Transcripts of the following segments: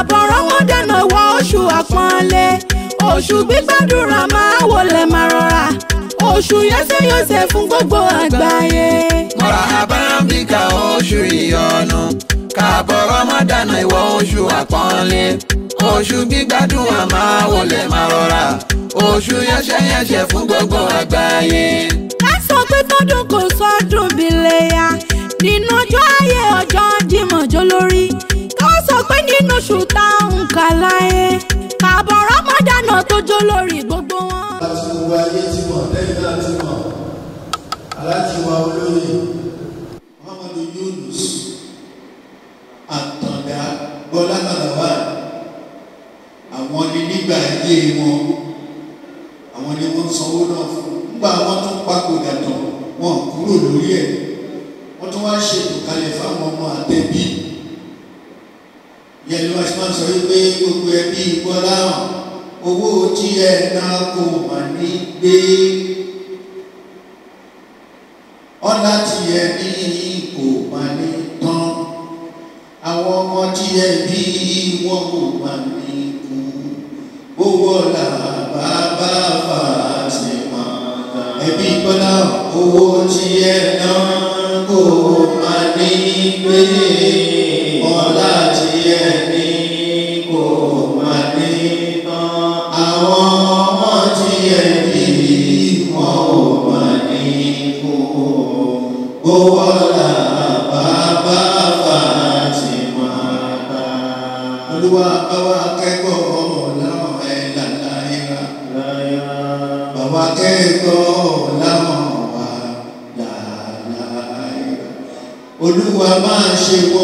àbọ̀rọ̀ wọn dènà wọ oṣù àpọ́nlé oṣù gbígbàdúrà máa wọlé máa rọra oṣù yẹ́sẹ̀yọ̀sẹ̀ fún gbogbo àgbáyé. mọ̀rọ̀ àbámbíkà oṣù ìyọnu kàbọ̀rọ̀ mọ́ dànà ìwọ oṣù àpọ́nlé oṣù gbígbádùn àmà wọlé máa rọra oṣù yẹ́sẹ̀yẹ́sẹ̀ fún gbogbo àgbáyé. ká sọ pé tọdún kò sọdún bí léyà nínú ọjọ́ ayé ọjọ́ Jímọ̀ jólórí pé nínú oṣù tá à ń kà láyé àbọ̀ rámọ́dánà tó jó lórí gbogbo wọn. láti gbogbo ayé ti mọ̀ lẹ́yìn náà mọ̀ aláti wa olóyè Muhammadu Yunus Àtàndá Bọ́lá Kàlàwà àwọn ni nígbà ayé wọn àwọn ni wọ́n sanwó náà fún nígbà wọ́n tún papòdà tán wọn kúrò lórí ẹ̀ wọ́n tún wá ṣètò kalẹ̀ fáwọn ọmọ àtẹ̀bí yẹn ni wọ́n ti máa ń sọ wípé gbogbo ẹbí Bọ́lá hàn owó tí ẹ náà kò mà ní gbé ọ̀nà tí ẹ ní kò mà ní tán àwọn ọmọ tí ẹ bí wọ́n kò mà ní Bọ́wọ́lá bàbá Fàtìmá. Olúwa báwa kẹ́kọ̀ọ́ ọmọ láwọn ẹ̀ làláyà. Bàbá kẹ́kọ̀ọ́ láwọn wà làláyà. Olúwa máa ṣe wọ́n.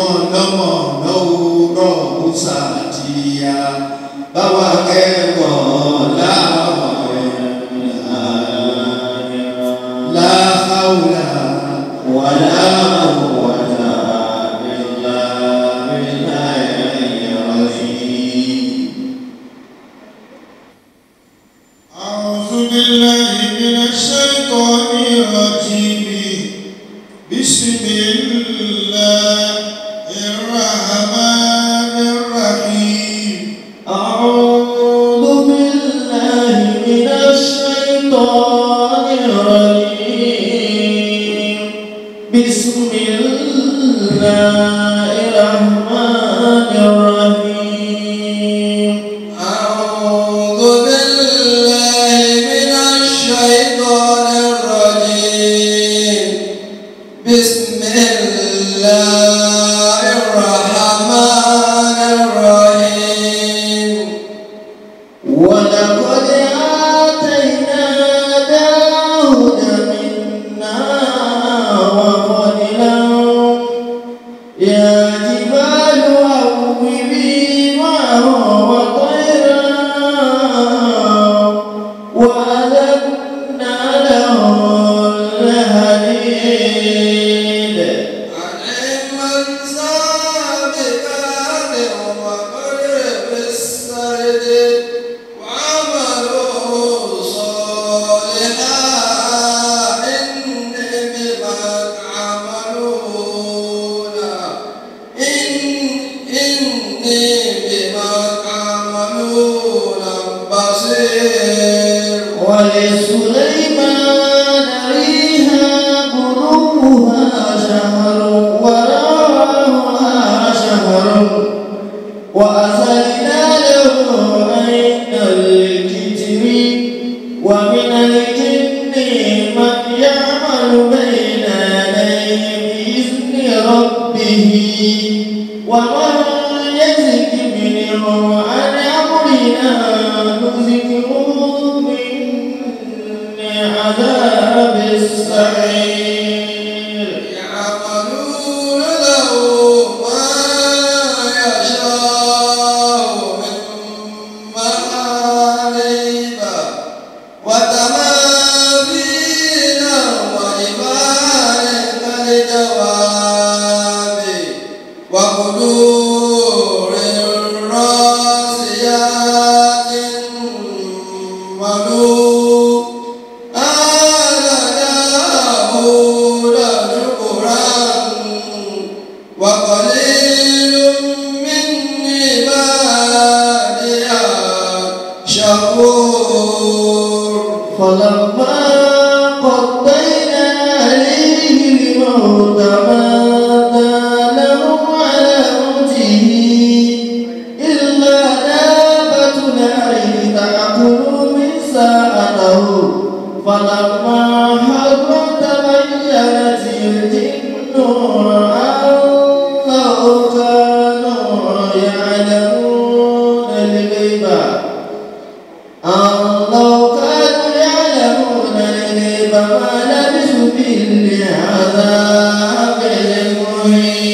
بسم الله الرحمن waambie me.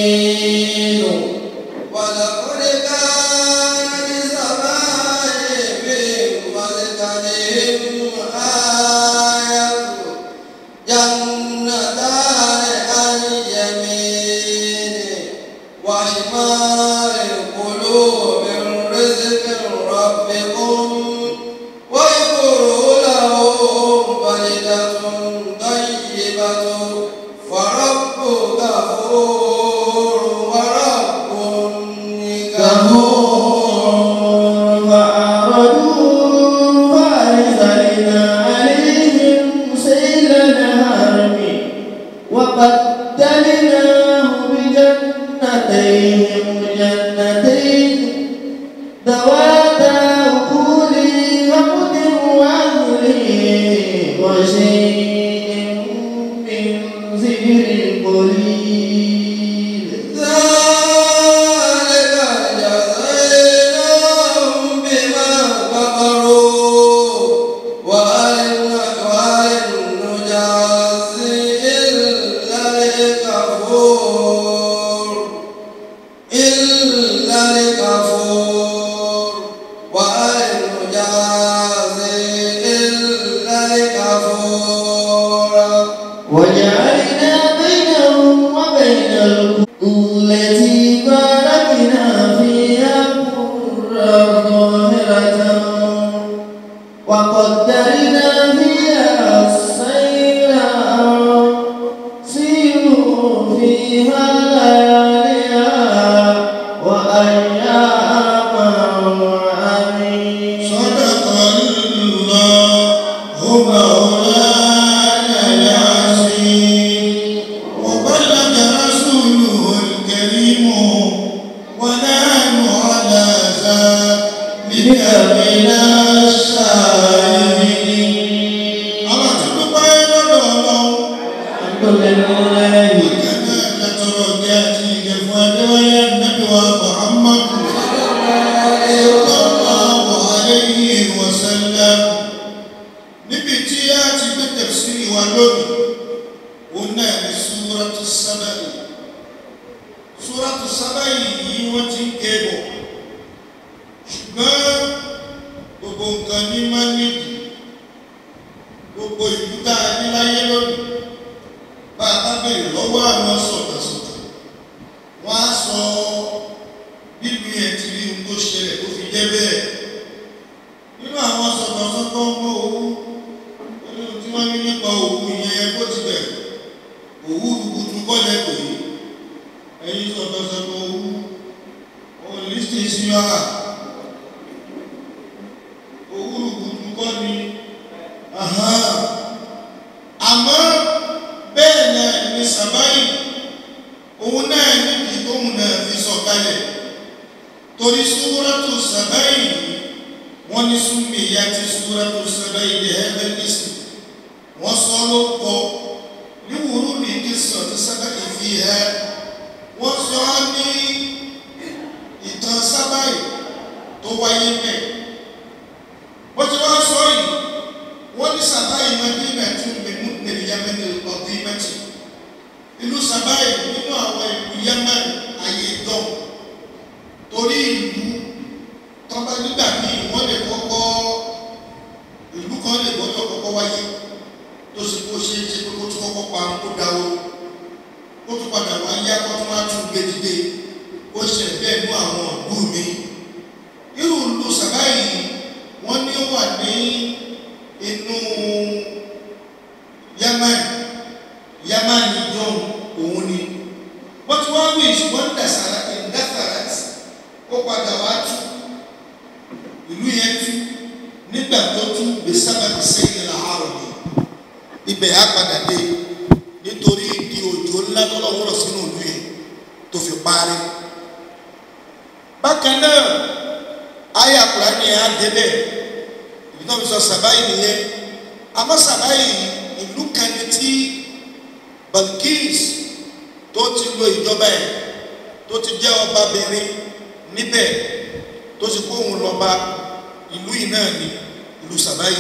وقدرنا فيها náà ní súrọ́tù sábàyì súrọ́tù sábàyì yìí wọ́n ti ń ké bọ̀ ṣùgbọ́n gbogbo nǹkan ní máa ń níbi tóun náà fi sọ̀kalẹ̀ torí súwúrátù sàbáyì wọ́n ní súnmi ìyá ti súwúrátù sàbáyì ní ẹ̀ẹ́dẹ́gbẹ̀sì wọ́n sọ ló pọ̀ níwúrú ní kìsọ̀ tí sábàyì fi hẹ́ wọ́n sọ á ní ìtàn sábàyì tó wáyé ní inú.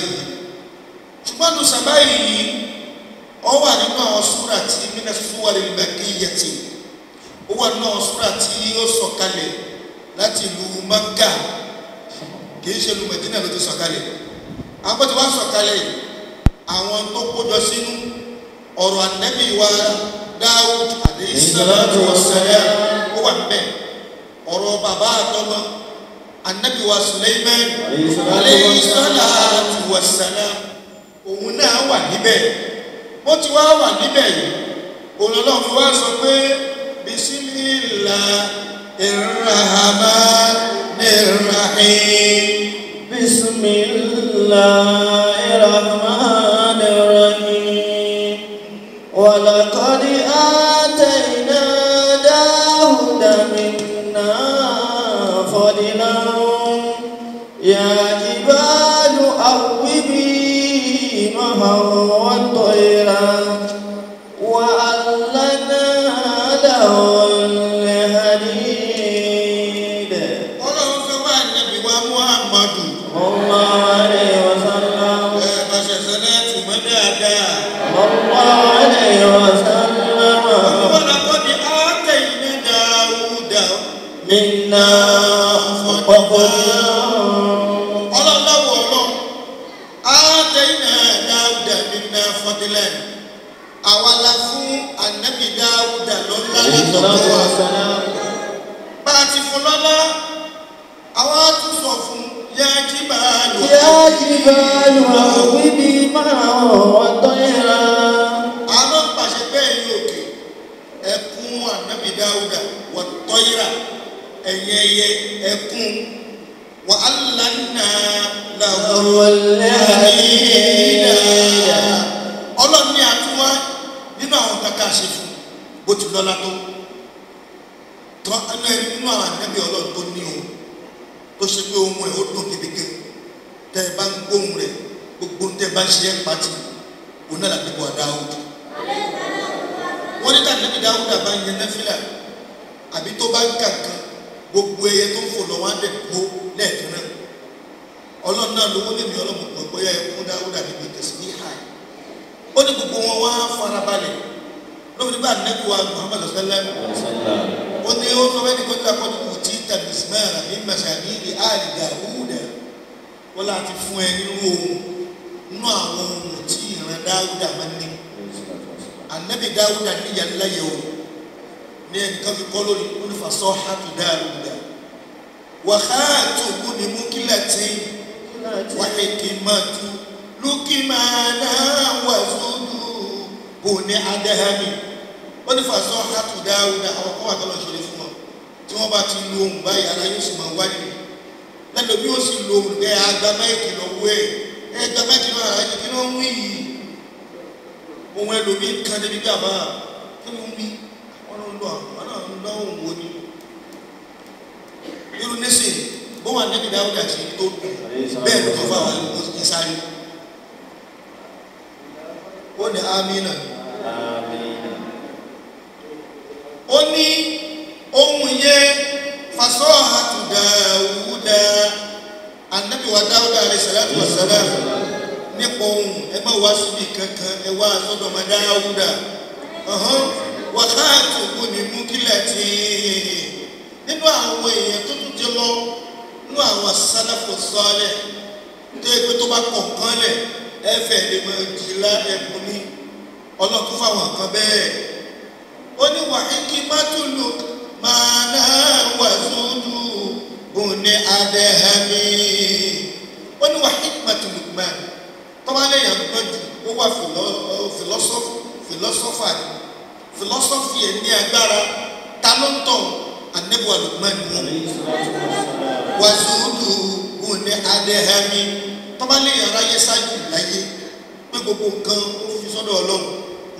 yìí ṣùgbọ́n ní sàbá yìí ọ wà nínú àwọn súra tí mina súwárì al-Makiyyati ó wà nínú àwọn súra tí ó sọ̀kalẹ̀ láti ìlú Mákà kìí ṣe ìlú Mẹdínà ló ti sọ̀kalẹ̀ àwọn tí wàá sọ̀kalẹ̀ àwọn tó kójọ sínú ọ̀rọ̀ ànábì wa Dáúdù alayhi salatu wassalam ó wà níbẹ̀ ọ̀rọ̀ bàbá àtọ́mọ́ anabi wa suleiman aleyhi salatu wa salam òun náà wà níbẹ̀ bó ti wá wà níbẹ̀ yìí òun ọlọ́run fi sọ pé bisimilá irahama nirahim bisimilá irahama nirahim wàlàkọ́ni àtẹ̀yìn. ظالما يا جبال أولا ti fún lọ́lá àwa tún sọ fún yá kí bàálù. yá kí bàálù àwọn wíbi máa ọ̀tọ́ yẹra. a máa pàṣẹ bẹ́ẹ̀ ní òkè ẹkún ànábì dáúdà wọ̀tọ́ yẹra ẹ̀yẹ ẹyẹ ẹkún wàhálà náà làwọn ọlọ́run ní àtúwá nínú àwọn kankan àṣẹ fún bó ti lọ́lá tó tọ́ ẹnu ẹ nínú àwọn ànábì ọlọ́run tó ní ohun tó ṣe pé ohun ẹ̀ ó dùn kébékè tẹ́ ẹ bá ń gbóhùn rẹ̀ gbogbo ń tẹ́ bá ń ṣe ẹ́ pàtì òun náà làbí wà dáhùn. wọ́n ní tàbí dáhùn dàbá ń yẹn nẹ́fìlà àbí tó bá ń kàkan gbogbo ẹyẹ tó ń fò lọ́wọ́ á dẹ̀ lẹ́ẹ̀kan náà ọlọ́run náà lówó lèmi ọlọ́run pọ̀ bóyá ẹkún dáwúdà níbi ìtẹ̀sí ní ìhà ó ní gbogbo wọn wá farabalẹ̀ lóbi nígbà nẹ́bí wa sallallahu ó ní ó sọ fẹ́ ní kótó àkọ́tù kò tí tàbí ismail àbí màṣàbí ní àlì dàwúdà wọ́n láti fún ẹ nínú ohun nínú àwọn ohun tí ìran dáwúdà máa ń ní ànábì dáwúdà níyà ńlá yẹ o ní ẹnìkan fi kọ́ lórí onífàsọ́ hàtù adahami wọ́n ní fàṣọ hátù dáúdà àwọn kọ́wà tó lọ ṣe lè fún wọn tí wọ́n bá ti lo ohun báyìí ara yóò sì máa wáyé lẹ́nu bí ó sì lo ohun bẹ́ẹ̀ agba máìkì lọ́wọ́ ẹ̀ ẹ̀ gba máìkì lọ́wọ́ ara yìí kí ló ń wí yìí ohun ẹlòmíì kan níbi gàmá kí ló ń wí wọ́n ló ń lo àwọn náà ń lọ ohun wo ni irú nísìn bó wà níbi dáúdà sí tó bẹ́ẹ̀ ló tó fà wà ní ní ó ní ohun yẹn fasọ́ àtúndàwúdà anábìwá dáwúdà alayhi salatu wa salam nípa ohun ẹgbẹ́ wa síbi kankan ẹ wá sọ́dọ̀ ọmọ dáwúdà wàhálà ògbó ni mú kílẹ̀ tí nínú àwọn èèyàn tó tún ti lọ nínú àwọn sálàfò sọ́ọ̀lẹ̀ tó yẹ pé tó bá kọ̀ọ̀kan lẹ̀ ẹ̀fẹ̀ lè máa di lá ẹ̀bùn ní ọlọ́kùn fáwọn kan bẹ́ẹ̀. òun ní adẹ́hẹ́mí ó ní wàá hikmatu Luqman tọ́ba lẹ́yìn àgbọ̀jù ó wà fìlọ́sọ́fà fìlọ́sọ́fì ẹ̀ ní agbára ta ló ń tọ̀ anẹ́bùwà Luqman ní wàzúùdù òun ní adẹ́hẹ́mí tọ́ba lẹ́yìn aráyé sáájú láyé pé gbogbo nǹkan ó fi sọ́dọ̀ ọlọ́run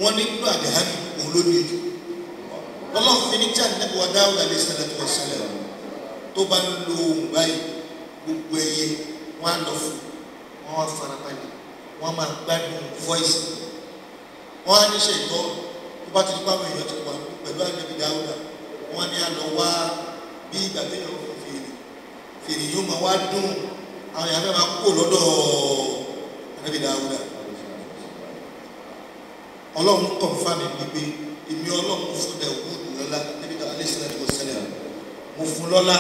wọ́n ní gbàdẹ́hẹ́mí òun ló ní ìjù ọlọ́run fi ní tí àdínẹ́bùwà dáhùn àlẹ́ sẹ́lẹ̀ tó wọ́n sẹ́lẹ̀ ọ̀hún tó bá ń lo ohun báyìí gbogbo ẹyẹ wọn á lọ fún wọn á farabalẹ̀ wọn á máa gbádùn voice wọn á níṣẹ́ ìtọ́ tó bá ti dípá àwọn èèyàn ti wà pẹ̀lú àgbẹ̀bí dáúdà wọn ní àlọ́ wá bí ìgbà tó yàn fún fèrè fèrè yóò máa wá dùn àwọn èèyàn fẹ́ máa kó lọ́dọ̀ àgbẹ̀bí dáúdà ọlọ́run kọ̀ǹfà mi gbígbé èmi ọlọ́run fún dẹ̀ wúdù lọ́la níbi tí alẹ́ sílẹ̀ tó ṣẹlẹ̀ rẹ̀ mo fún lọ́lá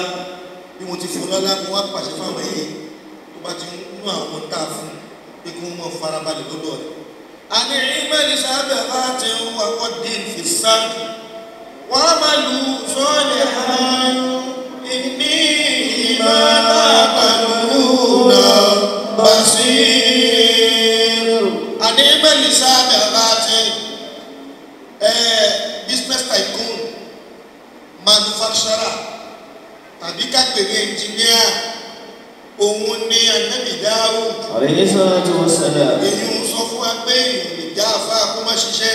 bí mo ti fún lọ́lá mo wá pàṣẹ fáwọn yìí tó bá ti mú àwọn tá a fún pé kí wọ́n mọ̀ farabalẹ̀ lọ́dọ̀ rẹ̀. àní ìmẹ́lì sábẹ̀ bá ti ń wà wọ́n dín fi sáàkì wọ́n á máa lu sọ́ọ̀lì àwọn ìní ìmọ̀ àbàlù náà bá sí i. àní ìmẹ́lì sábẹ̀ bá ti ẹ̀ business tycoon manufacturer tàbí kápẹ̀ ní ẹnjìníà òun ni anábì dáhùn. ọ̀rẹ́ yìí sọ̀rọ̀ tó ń ṣẹlẹ̀. èyí ń sọ fún wa pé ìjà afá kó má ṣiṣẹ́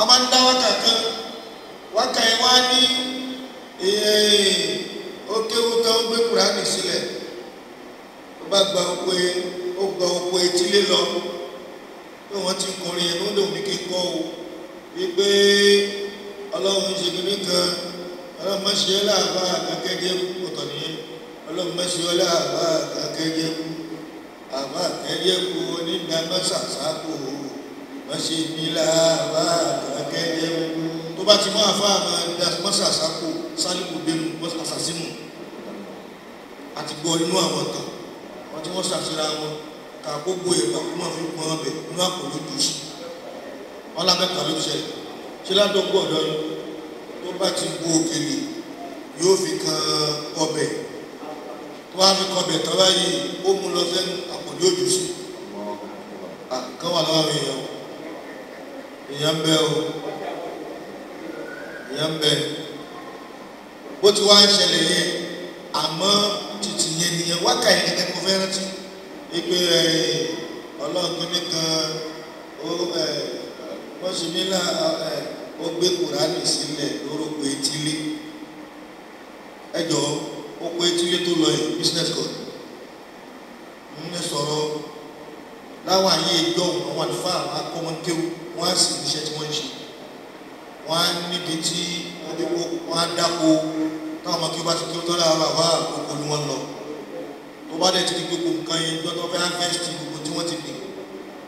a máa ń dá wákà kan wákà yẹn wá ní ó kéwu kan ó gbé kúránì sílẹ̀ ó bá gba oko e, ó gba oko etílé lọ pé wọ́n ti kọrin ẹ̀ ló ń kíkọ́ o wípé ọlọ́run ṣe kíní kan ọlọ́run má ṣe láàbá àkàkẹ́jẹ́ ọ̀tọ̀ nìyẹn ọlọ́run má ṣe láàbá àkàkẹ́jẹ́ àbá àkẹ́jẹ́ kú onídàmásàsákò má ṣe mí láàbá àkàkẹ́jẹ́ tó bá ti mọ́ àfa àmàdàmásàsákò sálíkù bẹ́ẹ̀ mọ́sàsásímù àti gbọ́ inú àwọn kan wọ́n ti wọ́n ṣàfihàn wọn ká gbogbo ìgbà kó máa fi pọn ọbẹ̀ inú àpò lójú sí wọn lábẹ́ kàwé jù sẹ́yìn ṣé ọ̀dọ́ yìí tó bá ti bu òkèlè yóò fi kan ọbẹ̀ tó wá fi kan ọbẹ̀ tán báyìí ó mú lọ sẹ́nu àpòjì òjò sí ah, kán wà láwọn èèyàn èèyàn ń bẹ o èèyàn ń bẹ bó ti wá ń ṣẹlẹ̀ yẹn àmọ́ títí yẹn nìyẹn wákà yẹn kẹ́kẹ́ fẹ́ rántí ipe ọlọ́ọ̀gbìn nìkan ó wọ́n sì ní ó gbé kùránì sílẹ̀ lórúkọ etílé ẹjọ́ ó pé etílé tó lọ yìí business card ń lè sọ̀rọ̀ láwọn ayé ìjọ àwọn àlùfáà àwọn akọ́mọkéwù wọ́n á sì níṣẹ́ tí wọ́n ń ṣe wọ́n á níbi tí wọ́n dé kó wọ́n á dáko táwọn ọmọ kí wọ́n bá ti kí wọ́n tọ́lá ara wà àkókò ni wọ́n lọ tó bá dẹ̀ ti di gbogbo nǹkan yẹn níjọ́ tó fẹ́ harvest gbogbo tí wọ́n ti gbìn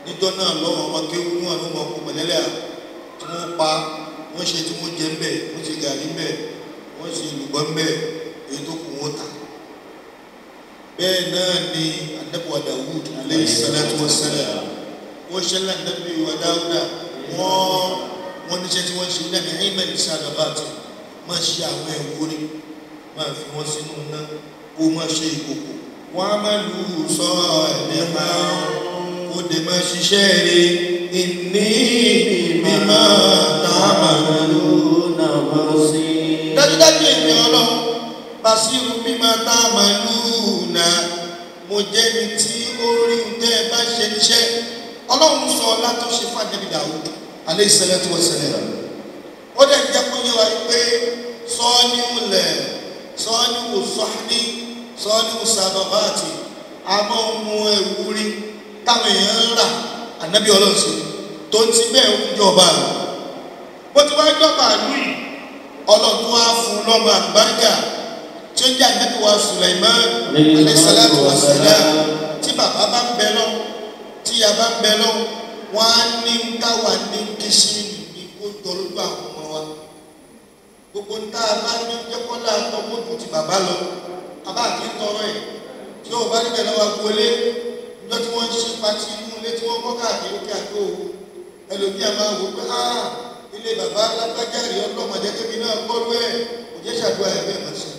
níjọ́ náà lọ́wọ́ ọmọ kéwù náà pẹ̀lẹ́lẹ́ à tí wọ́n pa wọ́n ṣe tí wọ́n jẹ ń bẹ̀ wọ́n ṣe gàrí ń bẹ̀ wọ́n ṣe ìlùbọ́ bẹ̀ èyí tó kù wọ́n tà bẹ́ẹ̀ náà ni adébọ̀ Dawud aleyhi salatu wa salam wọ́n ṣe lànàbí wa dáúdà wọ́n wọ́n níṣẹ́ tí wọ́n ṣe náà ní ẹ̀yìn mẹ́rin sàdàbàtì máa ṣe àwọn ẹ̀wọ́ ni máa fi wọ́n sínú náà ó máa ṣe ìkòkò wọ́n á máa lù ú sọ ẹ̀mí inni bima ta'maluna basir. dájúdájú èmi ọlọ́run basiru bima ta'maluna mo jẹ́ ni tí ó rí tẹ́ ẹ bá ṣe iṣẹ́ ọlọ́run sọ látó ṣe fàdébí Dawud alayhi salatu wa salam ó dẹ̀ jẹ́ kó yẹ wa pé sábàbáàtì àmọ́ ohun ẹ̀wúrí táwọn èèyàn ń rà ànábì ọlọ́run ṣe tó ń ti bẹ́ẹ̀ ń jọba àlù bó ti wá jọba àlù yìí ọlọ́run tó fún lọ́mọ àgbáríkà tí ó jẹ́ ànábì wa Sulaiman alayhi salatu wa salam tí bàbá bá ń bẹ lọ tí ìyá bá ń bẹ lọ wọn á ní káwa ní kíṣí ní kó jọ lójú àwọn ọmọ wa gbogbo ń tá a bá ní jẹ́kọ́lá ọmọ òdùn ti bàbá lọ abá tọrọ ẹ̀ tí ó bá níbẹ̀ lọ́wọ́ agboolé níjọ́ tí wọ́n ń ṣe pati ilé tí wọ́n kọ́ káàkiri káàkiri o ẹlòmíà máa wò pé áà ah, ilé bàbá alágbájáre ọlọ́mọdé kébi náà kọ́lú ẹ̀ kò jẹ́ ṣàdúrà ẹ̀ bẹ́ẹ̀ máa ṣe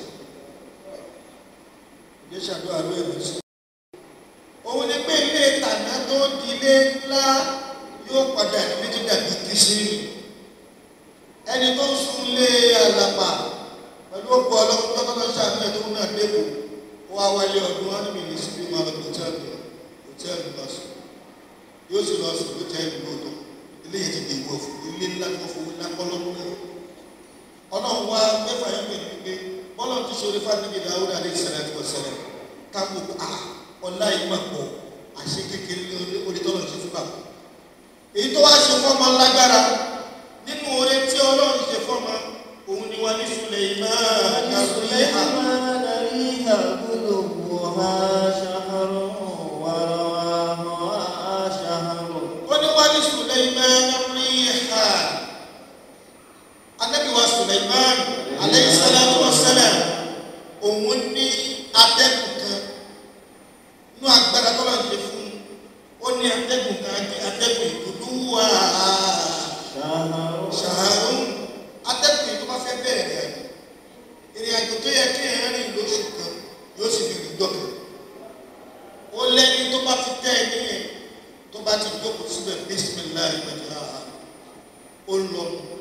kò jẹ́ ṣàdúrà ẹ̀ máa ṣe. òun ni pé ilé tàná tó di ilé ńlá yóò padà ní tó dàbí kìsìrì ẹni tó ń sun lé àlàpà pẹ̀lú òkú ọlọ́run tọ́kọ́tọ́ ṣàfihàn tó ń náà dẹ́kun wá wáyé ọdún wọn níbi ìlú síbí máa lọ hòtẹ́ẹ̀lì hòtẹ́ẹ̀lì lọ́sùn yóò sì lọ sí ló jẹ́ ìlú lóòótọ́ ilé yẹn ti di ìwọ ilé ńlá tó fowó ńlá kọ́lọ́kún náà ọlọ́run wá mẹ́fà yẹn pè ní pé bọ́lá ti ṣe orí fáńdébì dáwúrà ní ìṣẹ̀lẹ̀ tó ṣẹlẹ̀ káko a ọ̀la yìí mà pọ̀ àṣẹ kékeré ní onítọ́nà ṣe fún bàbá èyí tó wá ṣe fọ́mọ lágbára nínú oore tí ọlọ́run ṣe fọ́mọ òun ni wà ní sùlẹ̀ ìmáà ní sùlẹ̀ àmọ́ àdáyé àbúrò wọ̀ ha.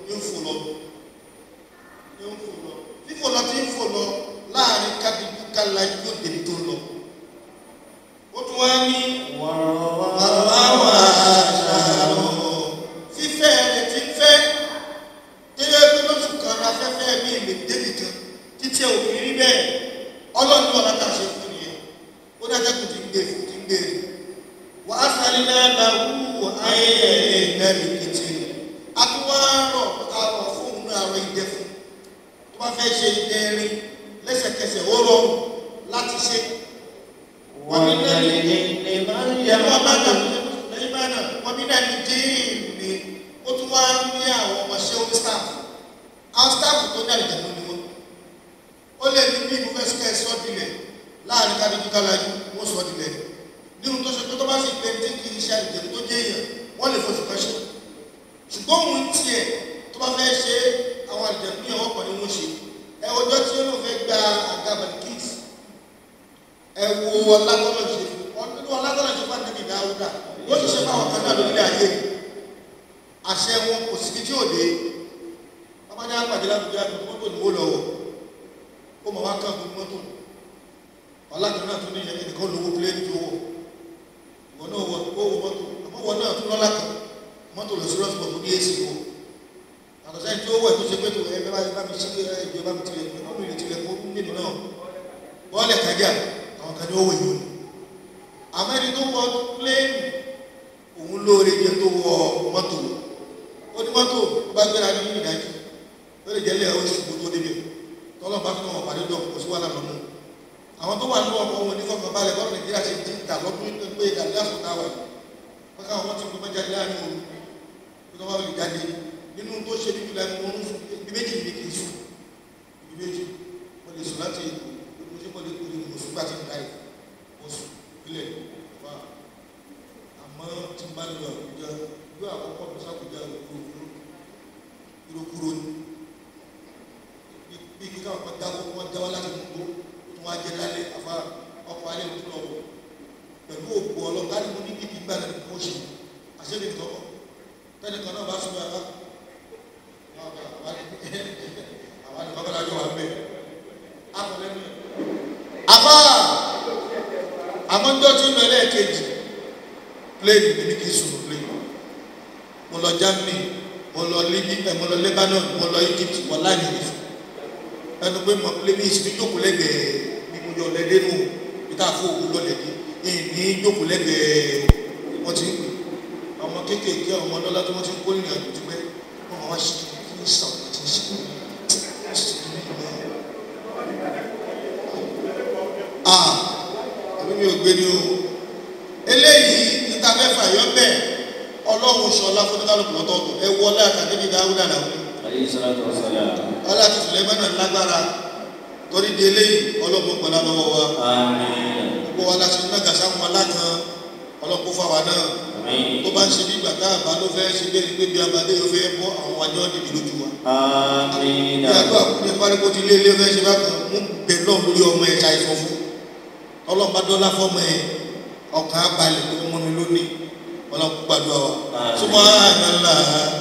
eu fulano, eu fulano. eléyìí mo fẹ́ sọ́kẹ́ sọ́ dilẹ̀ láàrin kábíyí kálájú wọ́n sọ́ dilẹ̀ nínú tó ṣe pé tó bá sì pé tí kì í ṣe àjẹmú tó jẹ́ èèyàn wọ́n lè fọṣù kan ṣe ṣùgbọ́n òun tiẹ̀ tó bá fẹ́ ṣe àwọn àjẹmú yẹn wọ́pọ̀ ni wọ́n ṣe ẹ ọjọ́ tí ó lò fẹ́ gba àga balikis ẹ wo ọlátọ́lọ́ ṣe ọdún ọlátọ́lọ́ ṣe fún àdébí dáúdà ó sì ṣe fáwọn kan náà lórílẹ̀ ayé àṣẹ wọn kò sí kí tí ò dé bàbá ní àpàdé lábùjá àdúgbò ní ó lọ ó mọ̀ wá kàn gbogbo mọ́tò ọ̀làgbọ̀n náà tún ní ìyẹn nìkan lówó pílẹ́ẹ̀nì tó wọ̀ ìwọ náà wọ ó wọ mọ́tò àmọ́ wọ náà tún lọ́la kan mọ́tò lọ sí rọ́ọ̀tù pọ̀ ní èsì wọ àtọ̀sá ẹni tí ó wọ̀ tó ṣe pé tó ẹ bá bá mi sí ẹjọ bá mi tilẹ̀ kó mi lè tilẹ̀ kó nínú náà bọ́ọ̀lù kájà àwọn kan ní ó wọ̀ yìí àmọ́ ẹni tó wọ pílẹ́ẹ̀nì òun lóore jẹ tó wọ mọ́tò ó ní mọ́tò bá gbéra ní ìdájí ó lè jẹ́ lẹ́yìn oṣù tó débi tọ́lọ́ba tó wọn pàdé dọ̀ kò sí wàhálà lọ́mú àwọn tó wà ní ọkọ̀ wọn ní fọkàn balẹ̀ bọ́ọ̀lù nàìjíríà ṣe di ìdà lọ́dún tó gbé ìdà lásán táwa yìí wọ́n ká àwọn tó gbé mẹ́jáde láàrin òru kí wọ́n bá lè jáde nínú tó ṣe níbi lẹ́nu wọn ní méjì ní kì í sùn ní méjì wọ́n lè sùn láti ojú ṣé wọ́n lè kó nínú oṣù gbà tí ń láì oṣù ilẹ̀ wà àmọ́ tí ń bá lọ àbújá ìlú àkọ́kọ́ bí kíkà ọ̀pọ̀ dáwọ́ wọn jáwọ́ láti mú gbó tó wá jẹ lálẹ́ àfa ọkọ̀ alẹ́ òtún lọ wọ pẹ̀lú òkú ọlọ́gbà ni mo ní kíkì gbà lẹ́nu kó ṣe àṣẹ lè tọ́ tẹ́lẹ̀ kan náà bá sọ yàrá àwọn àti bàbá làjọ wà ń bẹ̀ akọ̀lẹ́nu àbá àmọ́jọ́ tí ń lọ lẹ́ẹ̀kejì pléènì mi ní kí n sùn pléènì mo lọ Germany mo lọ Libya eh, mo lọ Lebanon mo lọ Egypt wọ́n láàyè ìfọ̀ ẹnu pé mọ̀ pé bí ìsìn jókòó lẹ́gbẹ̀ẹ́ bí mo yọ lẹ́dẹ́ nù bí tá a fún òkú lọ́lẹ̀ ní ní jókòó lẹ́gbẹ̀ẹ́ wọ́n ti ń pè ọmọ kéékèèké ọmọ ọlọ́lá tí wọ́n ti ń kó ìrìn àjò ti pẹ́ wọ́n wá sí kí ní sàn ti sí àbí mi ò gbé ni o eléyìí níta mẹ́fà yọ bẹ́ẹ̀ ọlọ́run sọ ọlá fún títà lọ́pọ̀lọpọ̀ ẹ wọlé àtàkùn ní dáhùn dáadáa ọlá ti Sùlẹ́mánà lágbára torí di eléyìí ọlọ́gbọ́n pẹ̀lú àbọ̀wọ̀ wa gbogbo wa láti iná gàṣà wọn lánàá ọlọ́gbọ́n fáwa náà tó bá ń ṣe bí gbàtà àbá ló fẹ́ ṣe bẹ́ẹ̀ ni pé bí abadé yóò fẹ́ bọ́ àwọn àjọ dìbì lójú wa. bí àgbà kúndé pariwo ti lé ilé fẹ́ ṣe bá kan mú bẹ̀ lọ́ọ̀ lórí ọmọ ẹ̀ ṣàì fọ́ fún ẹ̀ ọkàn abalẹ̀ ọmọ mi lónìí ọlọ́ọ̀ gbàdúrà wa. subhanallah.